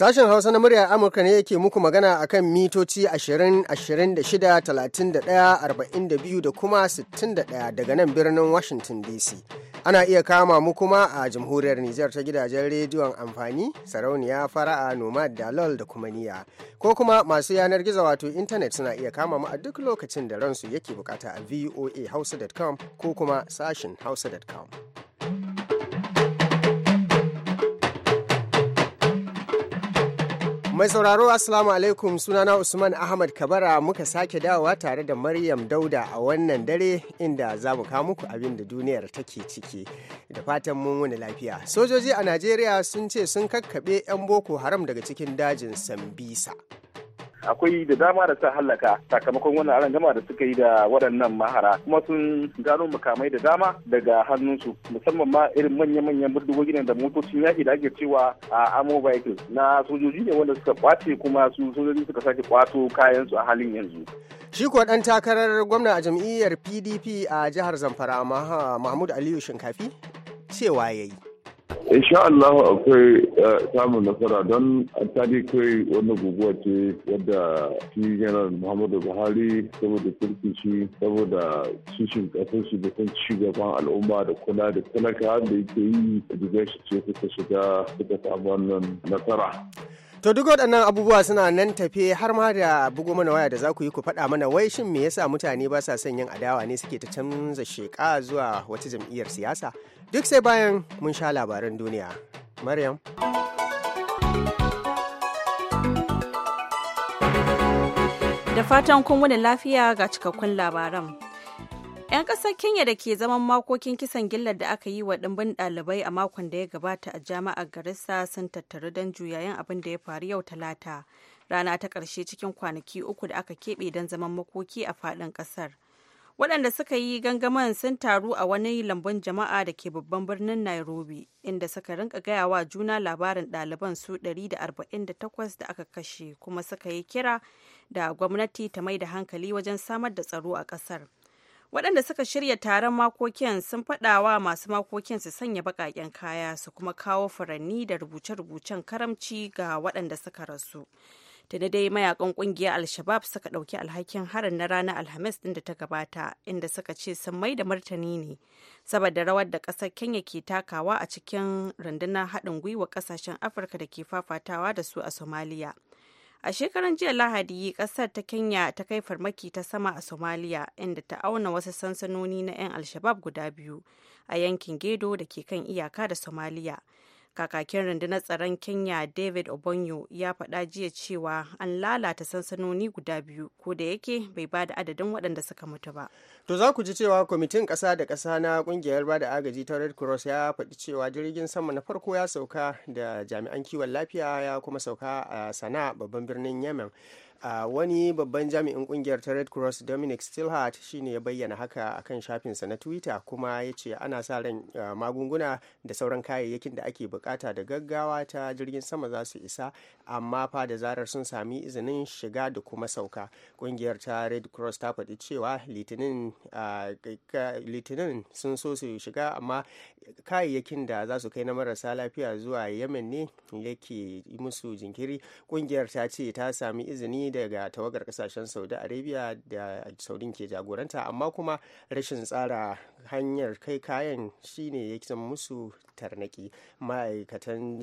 Sashen Hausa na muryar Amurka ne yake muku magana a kan mitoci 20, 26, 31, 42 da kuma 61 daga nan birnin Washington DC. Ana iya kama mu kuma a jamhuriyar Nijar ta gidajen rediyon amfani, sarauniya fara'a nomad dalol da kuma niya. Ko kuma masu yanar gizo wato intanet suna iya kama mu a duk lokacin da ransu yake bukata a voahausa.com ko kuma sashen hausa.com. Mai sauraro Assalamu alaikum sunana Usman Ahmad Kabara muka sake dawowa tare da Maryam Dauda a wannan dare inda za mu kawo muku abin da duniyar take ciki da fatan mun wani lafiya. Sojoji a Najeriya sun ce sun kakkaɓe 'yan Boko Haram daga cikin dajin Sambisa. akwai da dama da ta hallaka sakamakon wannan arangama da suka yi da waɗannan mahara kuma sun gano makamai da dama daga hannunsu musamman ma irin manya-manyan bindigogin da motocin yaƙi da ake cewa a amo vehicles na sojoji ne wanda suka kwace kuma su sojoji suka sake kwato kayansu a halin yanzu. Shi kuwa ɗan takarar gwamna a jam'iyyar PDP a jihar Zamfara Mahmud Aliyu Shinkafi cewa yayi insha Allah akwai eh, samun nasara don ta dai kai wani guguwa ce wadda shi general Muhammadu Buhari saboda kirki shi saboda kishin kasar shi da kan gaban al'umma da kula da talaka da yake yi da shi ce suka shiga suka samu wannan nasara. To duk waɗannan abubuwa suna nan tafe har ma da bugu mana waya da za ku yi ku faɗa mana wai shin me yasa mutane ba sa son yin adawa ne suke ta canza sheka zuwa wata jam'iyyar siyasa? Duk sai bayan mun sha labaran duniya. Maryam. Da fatan kun wani lafiya ga cikakkun labaran. 'Yan ƙasar Kenya da ke zaman makokin kisan gillar da aka yi wa ɗimbin ɗalibai a makon da ya gabata a jami'ar Garissa sun tattaru don juyayen abin da ya faru yau Talata, rana ta ƙarshe cikin kwanaki uku da aka keɓe don zaman makoki a faɗin ƙasar. Waɗanda suka yi gangaman sun taru a wani lambun jama'a da ke babban birnin Nairobi, inda suka rinka gaya wa juna labarin ɗaliban su 148 da aka kashe, kuma suka yi kira da gwamnati ta mai da hankali wajen samar da tsaro a ƙasar. waɗanda suka shirya taron makokin sun faɗawa masu makokin su sanya baƙaƙen kaya su kuma kawo furanni da rubuce-rubucen karamci ga waɗanda suka rasu tuni dai mayakan ƙungiyar alshabab suka ɗauki alhakin harin na ranar alhamis ɗin da ta gabata inda suka ce sun mai da martani ne saboda rawar da ƙasar kenya ke takawa a cikin rundunar haɗin gwiwa ƙasashen afirka da ke fafatawa da su a somaliya a shekaran jiya lahadi kasar ta kenya ta kai farmaki ta sama a somalia inda ta auna wasu sansanoni na 'yan alshabab guda biyu a yankin gedo da ke kan iyaka da somaliya. kakakin rundunar tsaron kenya david obonyo ya faɗa jiya cewa an lalata sansanoni guda biyu ko da yake bai ba da adadin waɗanda suka mutu ba to za ku ji cewa kwamitin ƙasa da ƙasa na ƙungiyar ba da agaji ta red cross ya faɗi cewa jirgin sama na farko ya sauka da jami'an kiwon lafiya ya kuma sauka a sana'a babban birnin yemen a wani babban jami'in kungiyar ta red cross dominic stillhart shine ya bayyana haka a kan shafinsa na twitter kuma ya ce ana sa ran eh, magunguna da sauran kayayyakin da ake bukata da gaggawa ta jirgin sama za su isa amma fa da zarar sun sami izinin shiga da kuma sauka kungiyar ta red cross ta faɗi cewa litinin sun so su shiga amma kayayyakin da za su kai na marasa lafiya zuwa yemen ne yake musu jinkiri kungiyar ta ce ta sami izini daga tawagar kasashen saudi arabia da saudi ke jagoranta amma kuma rashin tsara hanyar kai kayan shine ya zama musu tarnaki ma'aikatan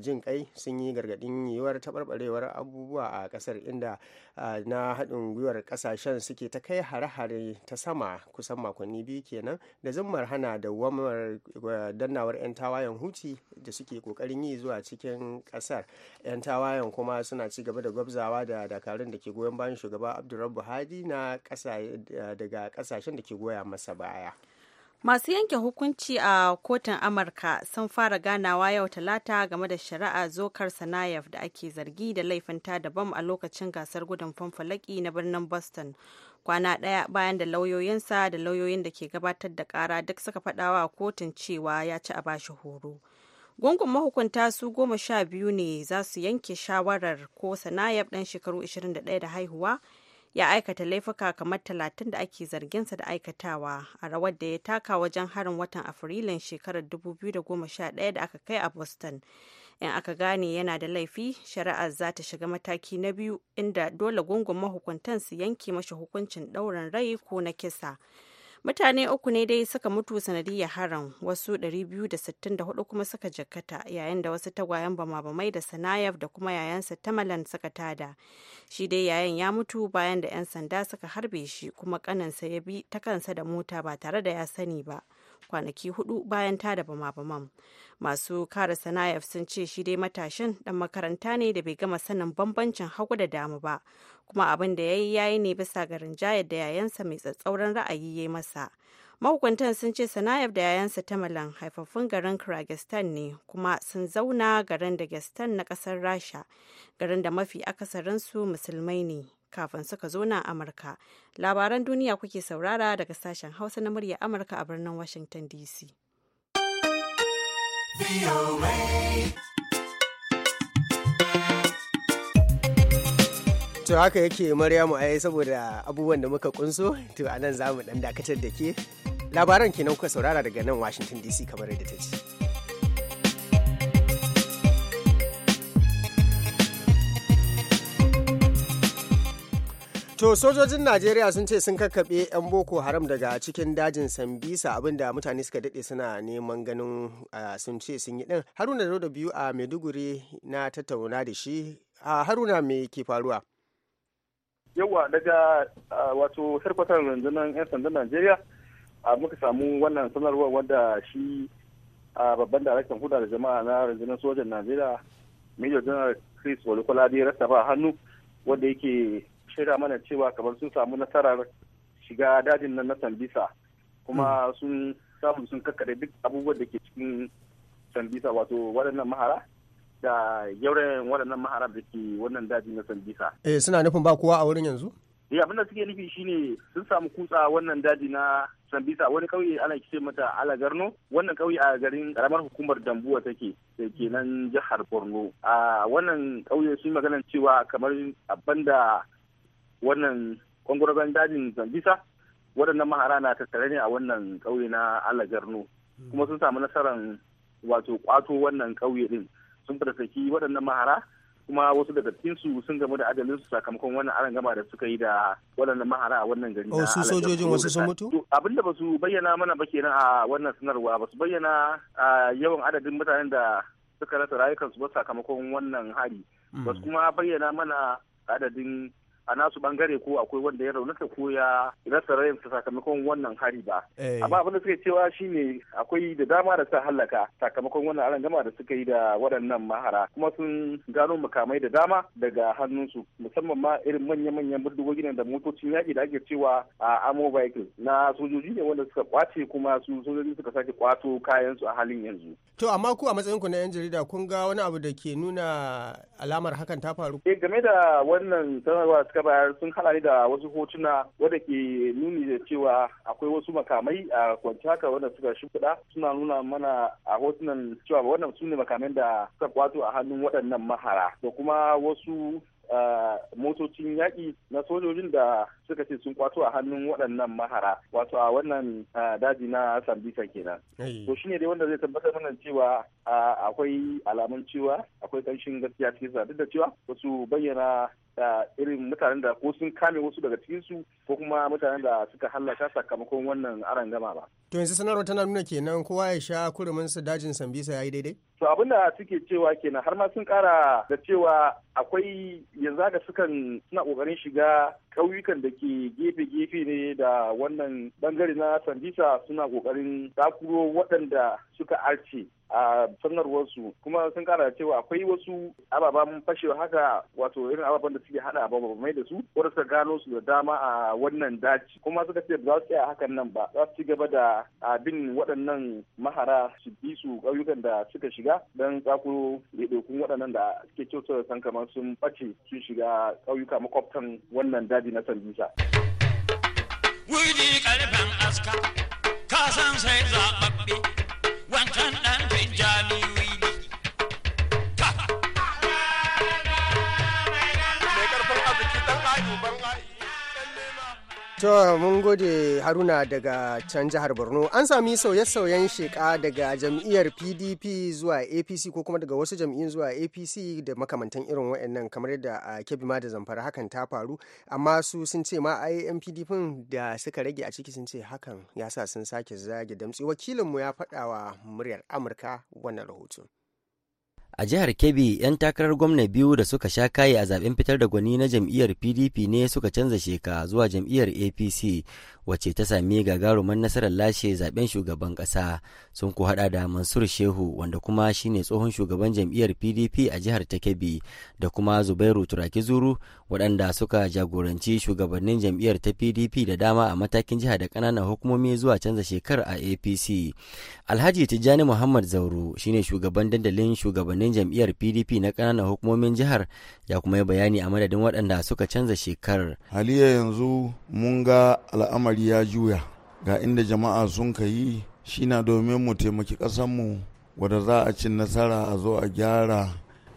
jin eh, kai sun yi gargadin yiwuwar taɓarɓarewar abubuwa a ƙasar inda eh, na haɗin gwiwar ƙasashen suke ta kai hare-hare ta sama kusan makonni biyu kenan da zammar hana da wamar eh, dannawar 'yan tawayen huti da suke ƙoƙarin yi zuwa cikin ƙasar 'yan tawayen kuma suna ci gaba da gwabzawa da dakarun da ke goyon bayan shugaba abdulrahman buhari na eh, daga kasashen da ke goya masa baya masu yanke hukunci a kotun amurka sun fara ganawa yau talata game da shari'a zokar sanayef da ake zargi da laifin da bam a lokacin gasar gudun fanfalaki na birnin boston kwana daya bayan da lauyoyinsa da lauyoyin da ke gabatar da kara duk suka faɗawa a kotun cewa ya ci a bashi horo gungun mahukunta su goma sha biyu ne za su yanke shawarar ko sanayab ɗan shekaru 21 da haihuwa ya aikata laifuka kamar talatin da ake zarginsa da aikatawa a rawar da ya taka wajen harin watan afrilun shekarar 2011 da aka kai a boston in aka gane yana da laifi shari'ar za ta shiga mataki na biyu inda dole gungun mahukuntan su yanke mashi hukuncin ɗaurin rai ko na kisa mutane uku ne dai suka mutu sanadiyar haram wasu 264 kuma suka jakkata yayin da wasu tagwayen bama-bamai da sanayaf da kuma yayansa tamalan suka tada shi dai yayin ya mutu bayan da 'yan sanda suka harbe shi kuma kanansa ya bi ta kansa da mota ba tare da ya sani ba kwanaki hudu bayan ta da bama-baman masu kare sanayaf sun ce shi dai matashin dan makaranta ne da bai gama sanin bambancin hagu da dama ba kuma abin da ya yi yayi ne bisa garin jayar da yayansa mai tsatsauran ra'ayi ya masa mahukuntan sun ce sana'a da yayansa ta malan haifaffun garin kragistan ne kuma sun zauna garin dagestan na kasar rasha garin da mafi akasarinsu musulmai ne kafin suka zo na Amurka. Labaran duniya kuke saurara daga sashen Hausa na murya Amurka a birnin Washington DC. to haka yake maryamu ai saboda abubuwan da muka kunso to anan za mu dan dakatar da ke labaran kenan kuka saurara daga nan washington dc kamar yadda ta ce To sojojin Najeriya sun ce sun kakkaɓe 'yan Boko Haram daga cikin dajin Sambisa abinda mutane suka daɗe suna neman ganin sun ce sun yi ɗin. Haruna da biyu a Maiduguri na tattauna da shi. Haruna me ke faruwa? Yawwa daga wato sarkwatar rundunar 'yan sandan Najeriya muka samu wannan sanarwar wanda shi babban daraktan huda da jama'a na rundunar sojan Najeriya Major General Chris Olukolade rasa ba hannu wanda yake shaida mana cewa kamar sun samu nasarar shiga dajin nan na sambisa kuma hmm. sun samu sun kakkare duk abubuwan da ke cikin sambisa wato waɗannan mahara da yauren waɗannan mahara da ke wannan dajin na sambisa. Eh suna nufin ba kowa a wurin yanzu? Eh abin da suke nufi shine sun samu kutsa wannan daji na sambisa wani kauye ana kice mata alagarno wannan kauye a garin karamar hukumar dambuwa take da ke nan jihar borno a wannan kauye sun magana cewa kamar abin da wannan kwangwargon dajin zambisa waɗannan mahara na tattare ne a wannan ƙauye na alagarno kuma sun samu nasarar wato kwato wannan ƙauye din sun fatasaki waɗannan mahara kuma wasu daga cikinsu sun gamu da adalinsu sakamakon wannan aron gama da suka yi da waɗannan mahara a wannan gari. Oh, su sojojin wasu sun mutu? Abin da ba su bayyana mana ba kenan a wannan sanarwa ba su bayyana yawan adadin mutanen da suka rasa rayukansu ba sakamakon wannan hari. Ba su mm. kuma bayyana mana adadin a nasu bangare ko akwai wanda ya raunata ko ya rasa sa sakamakon wannan hari ba. Eh. Amma abin da suke cewa shine akwai da dama da sa hallaka sakamakon wannan arangama da suka yi da waɗannan mahara kuma sun gano makamai da dama daga hannunsu musamman ma irin manya-manyan bindigogin da motocin yaƙi da ake cewa a amo vehicles na sojoji ne wanda suka kwace kuma su sojoji suka sake kwato su a halin yanzu. To amma ku a matsayin ku na 'yan jarida kun ga wani abu da ke nuna alamar hakan ta faru? Eh game da wannan sanarwa suka ka bayar sun hada ni da wasu hotuna wadda ke nuni da cewa akwai wasu makamai a kwanci haka wadda suka shimfiɗa suna nuna mana a hotunan cewa wannan su ne makamai da suka kwato a hannun waɗannan mahara da kuma wasu motocin yaƙi na sojojin da suka ce sun kwato a hannun waɗannan mahara wato a wannan daji na sambisa kenan to shine dai wanda zai tabbatar mana cewa akwai alamun cewa akwai ƙanshin gaskiya cikin duk da cewa wasu bayyana da irin mutanen da ko sun kame wasu daga cikinsu ko kuma mutanen da suka hallaka sakamakon wannan gama ba. To yanzu sanarwar tana nuna kenan kowa ya sha kurumin su dajin Sambisa ya yi daidai? To abin da suke cewa kenan har ma sun kara da cewa akwai yanzu haka sukan suna kokarin shiga ƙauyukan da ke gefe-gefe ne da wannan bangare na sandisa suna kokarin takuro waɗanda suka arce a sanarwarsu kuma sun kara da cewa akwai wasu ababen fashewa haka wato irin ababen da suke hada ababen mai da su wadda suka gano su da dama a wannan daci kuma suka ce za su tsaya hakan nan ba za su ci gaba da abin waɗannan mahara su bi su ƙauyukan da suka shiga don tsakuro ɗaiɗaikun waɗannan da suke cewa san kamar sun ɓace sun shiga ƙauyuka makwabtan wannan daci caji na sandusa. Wuri karfin aska, kasan sai zaɓaɓɓe. To mun gode Haruna daga can jihar Borno. An sami sauye-sauyen sheka daga jam'iyyar PDP zuwa APC ko kuma daga wasu jam'iyyun zuwa APC da makamantan irin waɗannan kamar yadda a ma da Zamfara hakan ta faru. Amma su sun ce ma ai PDP da suka rage a ciki sun ce hakan ya sa sun sake zage damtsi. Wakilinmu ya faɗa wa muryar Amurka wannan rahoton. a jihar kebbi 'yan takarar gwamna biyu da suka sha kayi a zaben fitar da gwani na jam'iyyar pdp ne suka canza sheka zuwa jam'iyyar apc wace ta sami gagaruman nasarar lashe zaben shugaban kasa sun ku hada da mansur shehu wanda kuma shine tsohon shugaban jam'iyyar pdp a jihar ta kebbi da kuma zubairu turaki zuru waɗanda suka jagoranci shugabannin jam'iyyar ta pdp da dama a matakin jiha da ƙananan hukumomi zuwa canza shekar a apc alhaji tijjani muhammad zauru shine shugaban dandalin shugaban shugabannin jam'iyyar pdp na ƙananan hukumomin jihar ya kuma yi bayani a madadin waɗanda suka canza shekarar haliya yanzu mun ga al'amari ya juya ga inda jama'a sun ka yi shi na domin mu taimaki ƙasanmu wadda za a cin nasara a zo a gyara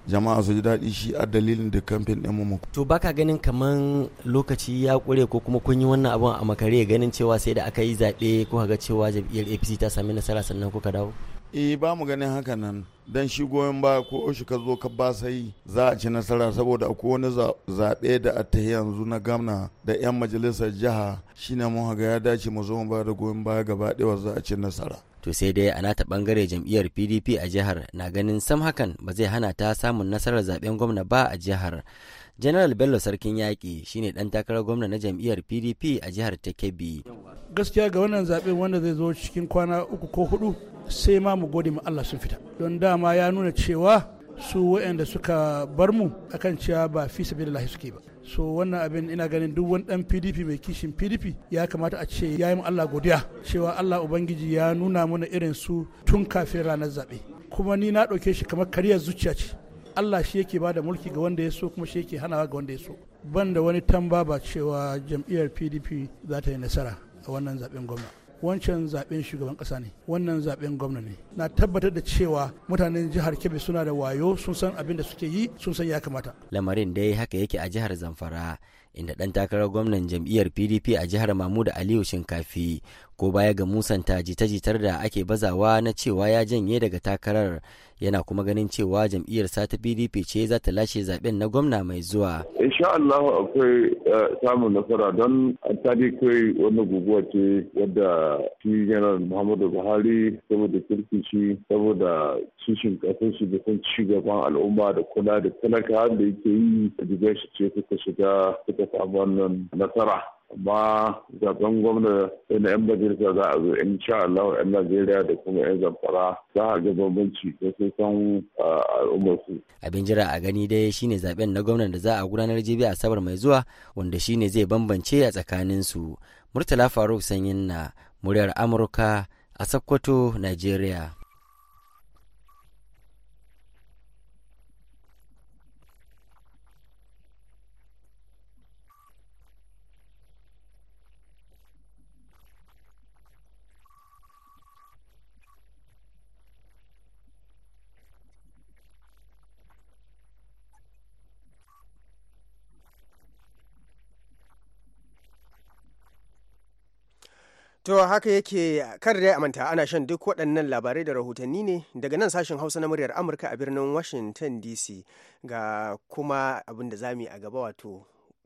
jama'a su ji daɗi shi a dalilin da kamfen ɗin mu. To baka ganin kamar lokaci ya ƙure ko kuma kun yi wannan abun a makare ganin cewa sai da aka yi zaɓe kuka ga cewa jam'iyyar APC ta sami nasara sannan kuka dawo? eh ba mu ganin haka nan dan shi goyon baya ko shi ka zo ka ba sai za a ci nasara saboda akwai wani zaɓe da a ta yanzu na gamna da 'yan majalisar jiha shine mun ga ya dace mu zo mu ba da goyon baya gaba ɗaya za a ci nasara to sai dai a nata bangare jam'iyyar pdp a jihar na ganin sam hakan ba zai hana ta samun nasarar zaben gwamna ba a jihar general bello sarkin yaƙi shine dan takarar gwamna na jam'iyyar pdp a jihar ta kebbi gaskiya ga wannan zaɓen wanda zai zo cikin kwana uku ko hudu sai ma mu gode ma Allah sun fita don dama ya nuna cewa su wayanda suka bar mu akan cewa ba fi sabilillahi suke ba so wannan abin ina ganin duk wani dan pdp mai kishin pdp ya kamata a ce ya yi allah godiya cewa allah ubangiji ya nuna mana irin su tun kafin ranar zaɓe kuma ni na ɗauke shi kamar karyar zuciya ce allah shi yake ba da mulki ga wanda ya so kuma shi yake hanawa ga wanda ya so ban da wani tamba ba cewa jam'iyyar pdp za ta yi nasara a wannan zaɓen gwamna wancan zaben shugaban kasa ne wannan zaben gwamna ne na tabbatar da cewa mutanen jihar kebbi suna da wayo sun san abin da suke yi sun san ya kamata lamarin dai haka yake a jihar zamfara inda dan takarar gwamnan jam'iyyar pdp a jihar mamuda aliyu shinkafi ko baya ga musanta jita-jitar da ake bazawa na cewa ya janye daga takarar yana kuma ganin cewa jam'iyyar ta pdp ce za ta lashe zaben na gwamna mai zuwa insha allahu akwai eh, samun nasara don tadi kai wani guguwa ce wadda shi general muhammadu buhari saboda kirki shi saboda kishin kasar shi da ci gaban al'umma da kula da talaka da yake yi jigar shi ce suka shiga suka samu wannan nasara amma zaben gwamna da na 'yan majalisa za a zo in sha Allah 'yan Najeriya da kuma 'yan zamfara za a ga bambanci da sun san al'ummar Abin jira a gani dai shine zaben na gwamnan da za a gudanar jibi a sabar mai zuwa wanda shine zai bambance a tsakanin su. Murtala Faruk Sanyin na muryar Amurka a Sokoto, Najeriya. To haka yake kar dai amanta ana shan duk waɗannan labarai da rahotanni ne daga nan sashen Hausa na muryar Amurka a birnin Washington DC ga kuma abin da zamu yi a gaba wato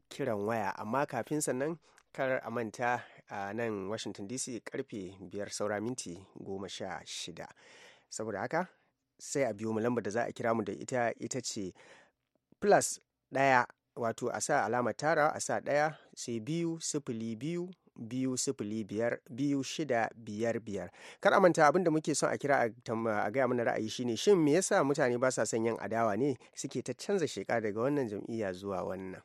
kiran waya amma kafin sannan kar a manta a nan Washington DC karfe biyar saura minti goma sha shida. Saboda haka sai a biyo mu lambar da za a kira mu da ita ita ce plus ɗaya wato a sa alamar tara a sa ɗaya sai biyu sifili biyu biyu sifili biyar biyu shida biyar biyar kar a manta abin da muke son a kira a gaya mana ra'ayi shine shin me yasa mutane ba sa son yin adawa ne suke ta canza sheka daga wannan jam'iyya zuwa wannan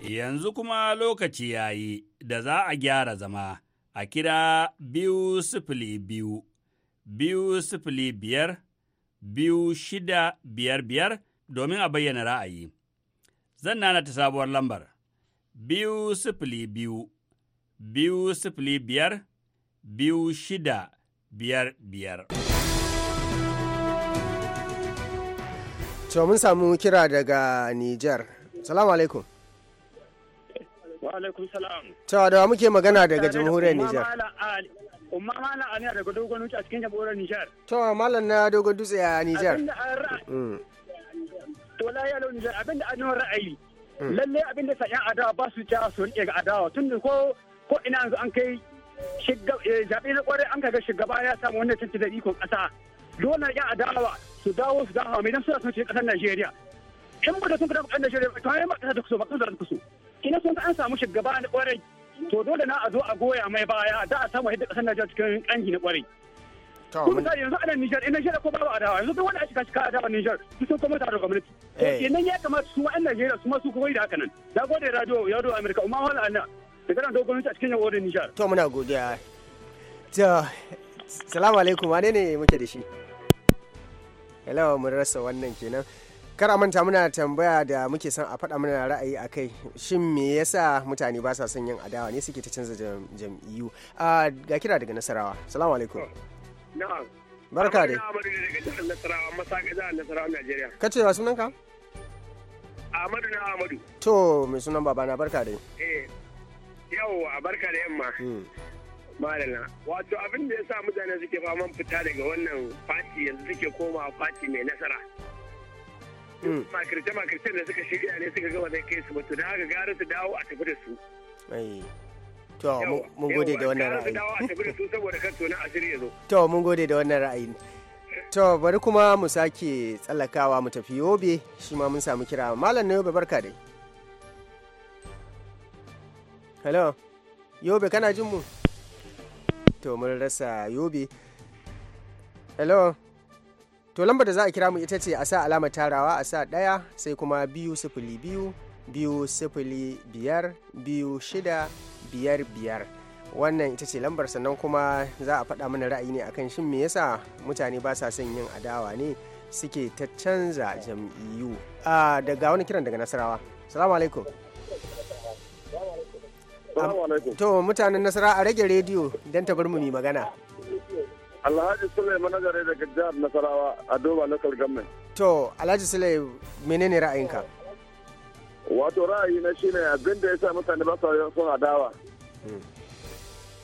yanzu kuma lokaci ya yi da za a gyara zama a kira biyu sifili biyu biyu sifili biyar biyu shida biyar biyar domin a bayyana ra'ayi. Zan nana ta sabuwar lambar biyu sifili biyu, biyu sifili biyar, biyu shida biyar biyar. To mun samu kira daga Nijar. Salamu alaikum. Wa alaikum salam. da muke magana daga jamhuriyar Nijar. umma mala a daga dogon dutse a cikin jamhuriyar Nijar. Tawa malam na dogon dutse a Nijar. wallahi ya launin abinda an yi ra'ayi hmm. lalle abinda sa yan adawa ba su ja su rike ga adawa tun ko ko ina yanzu an kai eh, zaɓe na kwarai an kaga shugaba ya samu wannan tantu da ikon ƙasa dole yan adawa su dawo su dawo mai dan suna son ƙasar Najeriya in ba da sun kada ƙasar Najeriya to ai ma ƙasar ta kuso ba ƙasar ta kuso ina sun an samu shugaba na kwarai to dole na a zo a goya mai baya da a samu yadda ƙasar Najeriya cikin ƙangi na kwarai kun sa yanzu ana Nijar ina eh, Nijar ko babu adawa yanzu duk wanda aka shiga adawa Nijar su sun kuma tare da gwamnati eh. Eh, kenan ya kamata su wa'annan Najeriya su ma su kuma yi da haka nan da gode radio ya do America umma wala anna da kana da gwamnati a cikin yawo da Nijar to muna godiya to salamu alaikum wane ne muke da shi hello mun rasa wannan kenan kar manta muna tambaya da muke son a faɗa mana ra'ayi a kai shin me yasa mutane ba sa son yin adawa ne suke ta canza jam'iyyu ah, ga kira daga nasarawa salamu alaikum Na'am. Barka dai. Ka ce wa jihar sunan ka? Ahmadu na Ahmadu. To, mai sunan babana barka dai. Eh. yau a barka da yamma. Hmm. Malala. Wato abin da ya sa mutane suke faman fita daga wannan fati yanzu suke komawa fati mai nasara. Hmm. Makirce-makirce da suka shirya ne suka gama zai kai su mutu da haka gara su dawo a tafi da su. To mun gode da wannan ra'ayi. To mun gode da wannan ra'ayi. To bari kuma mu sake tsallakawa mu tafi yobe shi ma mun samu kira malam na yobe barka dai. Hello yobe kana jin mu? To mun rasa yobe. Hello to lambar da za a kira mu ita ce a sa alamar tarawa a sa ɗaya sai kuma biyu sifili biyu biyu sifili biyar biyu shida biyar biyar wannan ita ce lambar sannan kuma za a faɗa mana ra'ayi ne akan shin me yasa mutane ba sa son yin adawa ne suke ta canza jam'iyyu daga wani kiran daga nasarawa salamu alaikum to mutanen nasara a rage rediyo don ta bar mu mai magana alhaji suleiman nagare daga jihar nasarawa a doba local government to alhaji suleiman menene ra'ayinka wato ra'ayi na shine abin da ya sa mutane ba sa suna dawa hmm.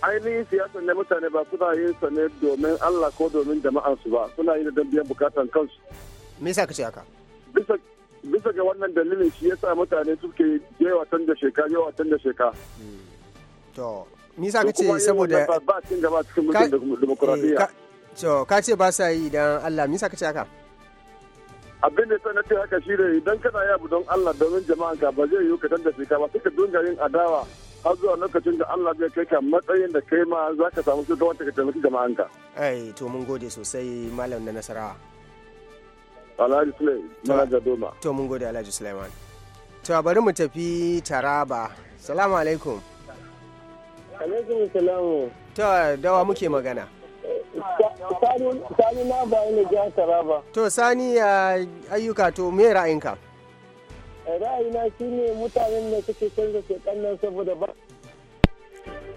ainihin siyasa ne mutane ba suna yin sa ne domin Allah ko domin jama'ansu su ba suna yin don biyan bukatan kansu me yasa ce haka bisa ga wannan dalilin shi yasa mutane suke yawa tan da sheka yawa tan da sheka hmm. to me yasa ce saboda ba cin gaba cikin mulkin demokradiyya to ka ce ba sa yi dan Allah me yasa ce haka abin da na ce haka shi da idan kana yabu don Allah domin jama'an ka ba zai yiwu ka dandace ka ba suka ka dinga yin adawa har zuwa lokacin da Allah zai kai ka matsayin da kai ma za ka samu shi wata ka taimaki jama'an ka. Ai to mun gode sosai malam na nasara. Alhaji Sulaiman Manaja Jadoma. To mun gode Alhaji Sulaiman. To bari mu tafi Taraba. Salamu alaikum. Alaikum salamu. To dawa muke magana. Sani na bayan da jihar Taraba. To Sani ya ayyuka to me ra'ayinka? Ra'ayina shi ne mutanen da suke canza ke nan saboda ba.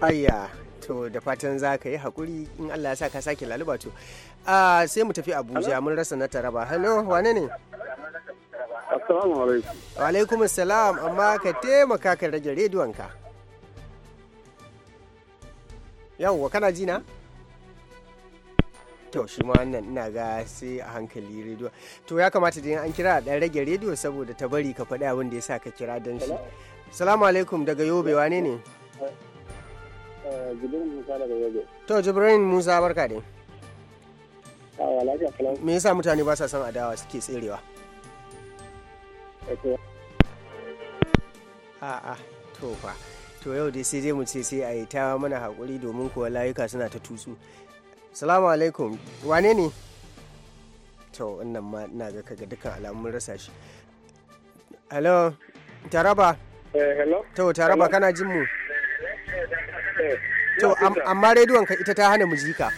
Ayya, to da fatan za ka yi haƙuri in Allah ya sa ka sake laluba to. sai mu tafi Abuja mun rasa na Taraba. Hello, wane ne? Assalamu alaikum. Wa alaikum salam, amma ka taimaka ka rage rediyonka. Yawwa kana jina? na? to shi ma wannan ina ga sai a hankali rediyo to ya kamata da an kira dan rage rediyo saboda ta bari ka faɗi abin da ya sa ka kira dan shi salamu alaikum daga yobe wane ne to jibrin musa barka dai ah, me yasa mutane ba sa son adawa suke tserewa a'a to fa to yau dai sai dai mu ce sai a yi ta mana haƙuri domin kuwa layuka suna ta tutsu salamu alaikum wane ne to wannan ma ina ga kaga dukkan alamun rasa shi hello taraba eh, hello to taraba kana jin mu eh, to amma rediyon ka ita ta hana muzika.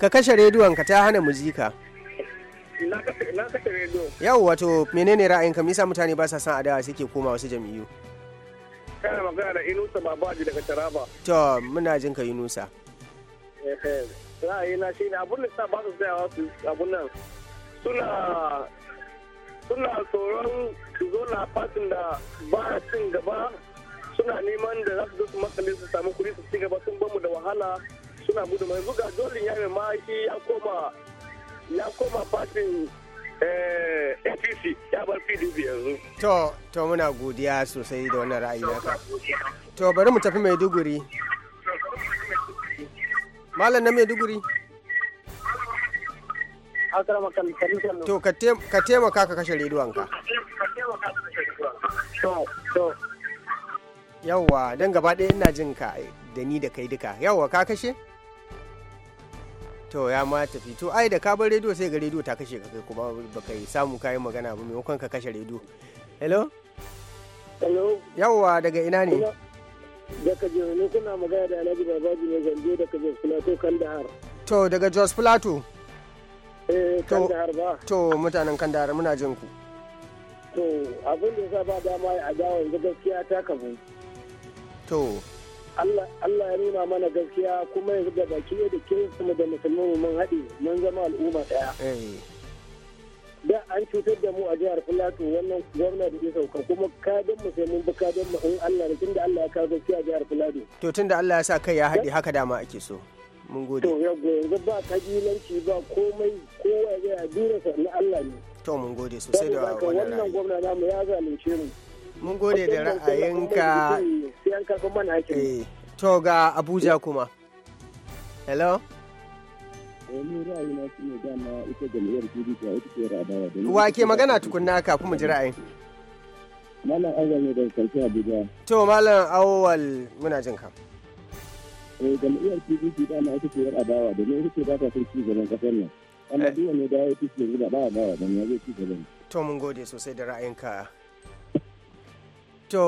ka kashe rediyon ka ta hana muzika. yau wato menene ra'ayinka me yasa mutane ba sa son adawa suke koma wasu jam'iyyu kana magana da inusa babaji daga taraba to muna jin ka inusa eh, ra'ayina shi ne abun da ba su tsayawa su abun nan suna suna tsoron su zo na fatin da ba cin gaba suna neman da za su zo su sami su samu kuɗi su ci gaba sun bamu da wahala suna gudu mai zuga dole ya ma shi ya koma ya koma fatin Eh, apc ya bar pdp yanzu to to muna godiya sosai da wannan ra'ayi naka to bari mu tafi maiduguri malam na maiduguri to ka taimaka ka kashe rediyonka yawwa don gaba ɗaya ina jin ka eh, da ni da kai duka yawwa ka kashe to ya ma tafi to ai da kabar rediyo sai ga rediyo ta kashe ka kai kuma baka yi samu kayan magana ba maimakon ka kashe rediyo hello hello yawwa daga ina ne daga ne kuna magana da alhaji babaji ne zanje daga jos plateau kandahar to daga jos plateau eh kandahar ba to mutanen kandahar muna jin ku to abin da ya sa ba dama a dawo yanzu gaskiya ta kafu to Allah ya nuna mana gaskiya kuma yanzu da baki ne da kirismu da musulmi mun haɗe mun zama al'umma ɗaya. Eh. Da an cutar da mu a jihar Filato wannan gwamna da ya sauka kuma kadon mu sai mun bi kadon mu in Allah ne tunda Allah ya kawo gaskiya a jihar Filato. To tunda Allah ya sa kai ya haɗe haka dama ake so. Mun gode. To yago yanzu ba kabilanci ba komai kowa ya dura na Allah ne. To mun gode sosai da wannan ra'ayi. Wannan gwamna namu ya zalunce mu. mun gode da ra'ayinka eh, to ga abuja kuma hello eh, wa ke magana tukunna ka kuma ji ra'ayin malam awal ne daga kalfi abuja to malam awal muna jin ka eh jam'iyyar pdp dama ita ce yar adawa domin ita ce ba ta son ci gaban kasar nan amma eh. duk wanda ya dawo ita ce ba adawa don ya zai ci gaban to mun gode sosai da ra'ayinka to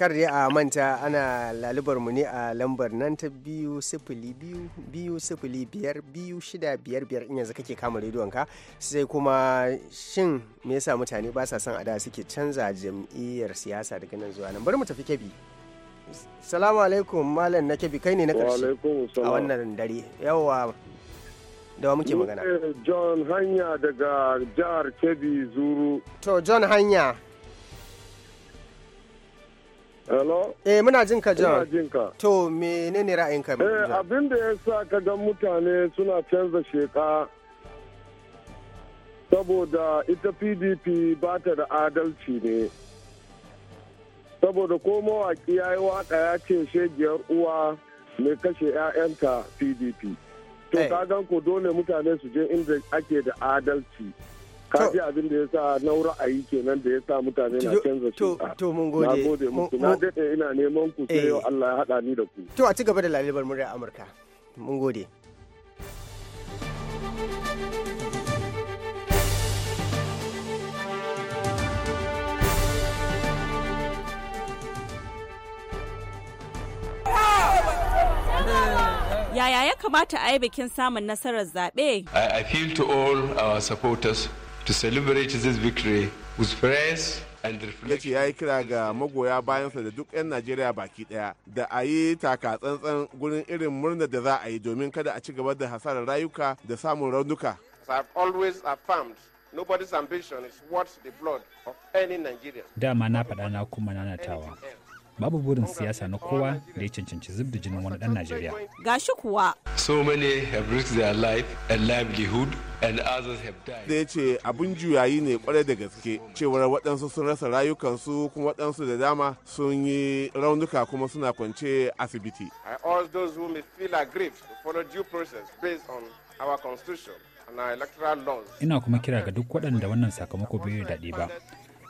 kar dai a manta ana lalubar mu ne a lambar nan ta biyu sifili biyu biyu sifili biyar biyu shida biyar biyar in yanzu kake kama rediyon ka sai kuma shin me yasa mutane ba sa son a da suke canza jam'iyyar siyasa daga nan zuwa nan bari mu tafi kebi salamu alaikum malam na kebi kai ne na karshe a wannan dare yawa da muke magana john hanya daga jihar kebi zuru to john hanya Hello? Eh muna jin ka jan Muna jin ka. To menene ra'ayinka? Eh abin da ya sa ka ga mutane suna canza sheka saboda ita PDP ba ta da adalci ne. Saboda ko mawaƙi ya yi waƙa ya ce shegiyar uwa mai kashe 'ya'yanta PDP. To eh. ka ko dole mutane su je inda ake da adalci. ka ji abin da ya sa na ra'ayi kenan da ya sa mutane na canza shi to mun gode na dade ina neman ku sai eh. yau Allah ya hada ni da ku to a ci gaba da lalibar murya Amurka mun gode Yaya ya kamata a yi bikin samun nasarar zaɓe? I feel to all our supporters to celebrate this victory with prayers ya ce ya yi kira ga magoya bayansa da duk 'yan najeriya baki daya da a yi taka tsantsan gurin irin murnar da za a yi domin kada a ci gaba da hasarar rayuka da samun raunuka Nobody's ambition is worth the blood of any Nigerian. Dama na faɗa na kuma nanatawa. babu burin siyasa na kowa da ya cancanci zub da jinin wani dan Najeriya. Gashi kuwa. So many have risked their life and livelihood and others have died. Da ya ce abun juyayi ne kwarai da gaske cewar waɗansu sun rasa rayukansu kuma waɗansu da dama sun yi raunuka kuma suna kwance asibiti. I urge those who may feel aggrieved to follow due process based on our constitution and our Ina kuma kira ga duk waɗanda wannan sakamako bai daɗi ba.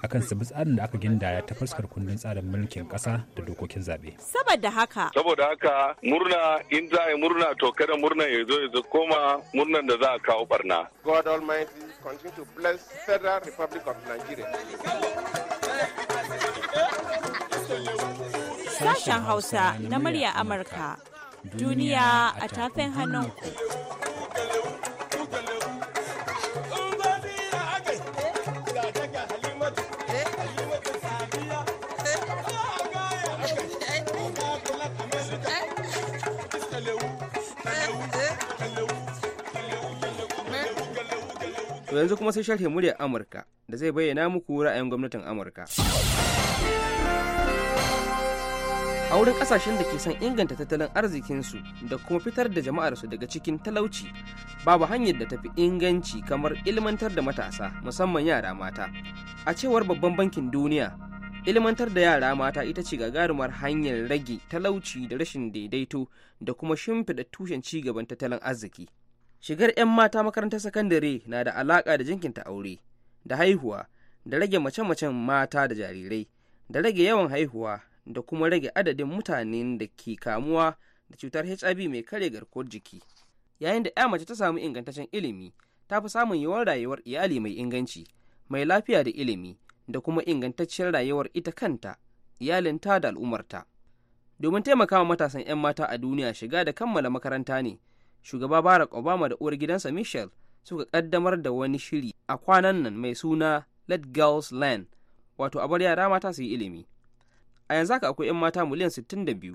akan su bi tsarin da aka gindaya ta fuskar kundin tsarin mulkin kasa da dokokin zabe. Saboda haka. Saboda haka murna in za a yi murna to kada murna ya zo ya koma murnan da za a kawo barna. God Almighty continue to bless Federal Republic of Nigeria. Sashen Hausa na murya Amurka. Duniya a tafin hannunku. yanzu kuma sai sharhin muryar Amurka da zai bayyana muku ra'ayin gwamnatin Amurka. A wurin kasashen da ke son inganta tattalin arzikinsu da kuma fitar da jama'arsu daga cikin talauci, babu hanyar da tafi inganci kamar ilmantar da matasa musamman yara mata. A cewar Babban Bankin Duniya, ilmantar da yara mata ita ce gagarumar hanyar rage talauci da rashin daidaito da kuma shimfiɗa tushen ci gaban tattalin arziki. shigar 'yan mata makarantar sakandare na da alaƙa da jinkinta aure da haihuwa da rage mace-macen mata da jarirai da rage yawan haihuwa da kuma rage adadin mutanen da ke kamuwa da cutar hiv mai kare garkuwar jiki yayin da 'ya mace ta samu ingantaccen ilimi ta fi samun yawan rayuwar iyali mai inganci mai lafiya da ilimi da kuma ingantacciyar rayuwar ita kanta iyalinta da al'ummarta domin taimakawa matasan 'yan mata a duniya shiga da kammala makaranta ne shugaba barack obama da uwar gidansa michelle suka kaddamar da wani shiri a kwanan nan mai suna let girls learn wato a bar yara mata su yi ilimi a yanzu haka akwai 'yan mata miliyan 62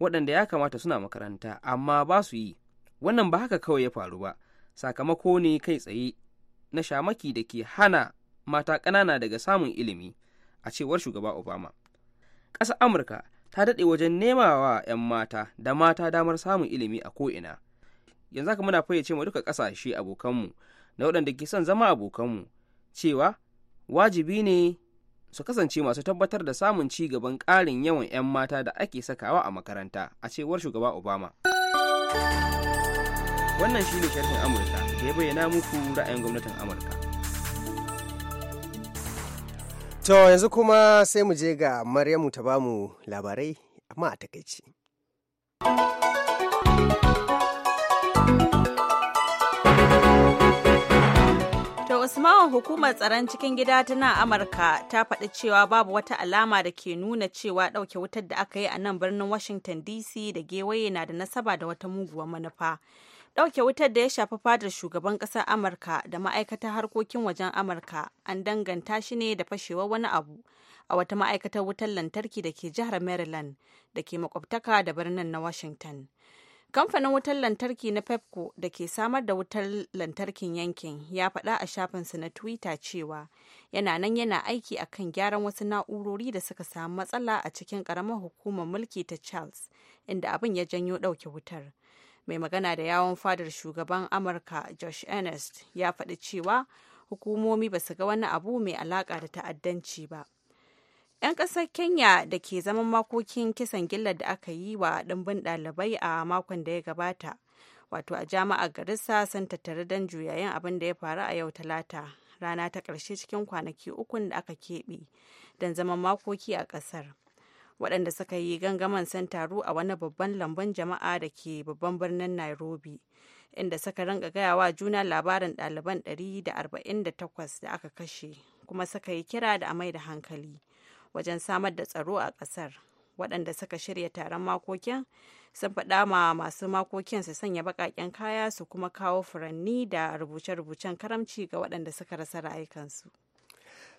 waɗanda ya kamata suna makaranta amma ba su yi wannan ba haka kawai ya faru ba sakamako ne kai tsaye na shamaki da ke hana mata ƙanana daga samun ilimi a cewar shugaba obama Ƙasa amurka ta daɗe wajen nema wa 'yan mata da mata damar samun ilimi a ko'ina yanzu haka muna fayyace ma duka ƙasashe abokanmu na waɗanda ke son zama abokanmu cewa wajibi ne su kasance masu tabbatar da samun ci gaban ƙarin yawan 'yan mata da ake sakawa a makaranta a cewar shugaba obama wannan shine sharhin amurka da ya bayyana muku ra'ayin gwamnatin amurka to yanzu kuma sai mu je ga maryamu ta bamu labarai amma a takaici. Asma'u hukumar tsaron cikin gida ta nan Amurka ta faɗi cewa babu wata alama da ke nuna cewa ɗauke wutar da aka yi a nan birnin Washington DC da gewaye na da nasaba da wata muguwar manufa. Ɗauke wutar da ya shafi fadar shugaban ƙasar Amurka da ma'aikatar harkokin wajen Amurka an danganta shi ne da fashewar wani abu a wata ma'aikatar wutar lantarki da ke jihar Maryland da ke makwabtaka da birnin na Washington. Kamfanin wutar lantarki na Pepco da ke samar da wutar lantarkin yankin ya faɗa a shafinsa na Twitter cewa yana nan yana aiki a kan gyaran wasu na'urori da suka samu matsala a cikin ƙaramar hukumar mulki ta Charles, inda abin ya janyo ɗauke wutar. Mai magana da yawon fadar shugaban Amurka Josh Ernest ya faɗi cewa hukumomi ba su ga wani abu mai alaƙa da ta'addanci ba. 'Yan ƙasar Kenya da ke zaman makokin kisan gillar da aka yi wa ɗimbin ɗalibai a makon da ya gabata, wato a jami'ar Garissa sun tattare don juyayin abin da ya faru a yau Talata, rana ta karshe cikin kwanaki ukun da aka keɓe don zaman makoki a ƙasar. waɗanda suka yi gangaman sun taru a wani babban lambun jama'a da ke babban birnin Nairobi, inda suka rinka gaya wa juna labarin ɗaliban 148 da aka kashe, kuma suka yi kira da amai da hankali. wajen samar da tsaro a ƙasar waɗanda suka shirya taron makokin sun faɗa ma masu makokin su sanya baƙaƙen kaya su kuma kawo furanni da rubuce-rubucen karamci ga waɗanda suka rasa ra'ayikansu.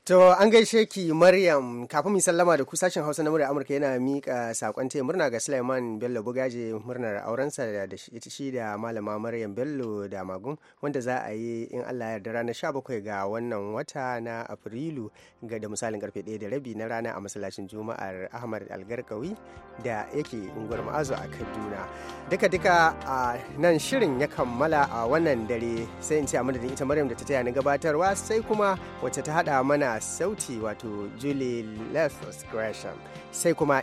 To an gaishe ki Maryam kafin mu sallama da ku sashen Hausa na murya Amurka yana mika sakon taya murna ga Suleiman Bello Bugaje murnar aurensa da shi da malama Maryam Bello da Magun wanda za a yi in Allah ya yarda ranar 17 ga wannan wata na Afrilu ga da misalin karfe 1 da rabi na rana a masallacin Juma'ar Ahmad Algarkawi da yake unguwar Ma'azu a Kaduna. Duka duka a nan shirin ya kammala a wannan dare sai in ce a madadin ita Maryam da ta taya ni gabatarwa sai kuma wacce ta hada mana sauti wato Julie Gresham sai kuma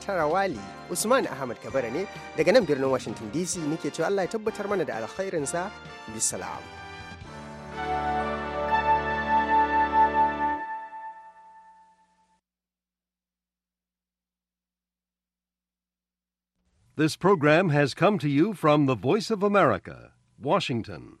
Tarawali Usman Ahmad Kabara ne daga nan birnin Washington DC nake cewa Allah ya tabbatar mana da alkhairinsa bisalam. This program has come to you from the Voice of America, Washington.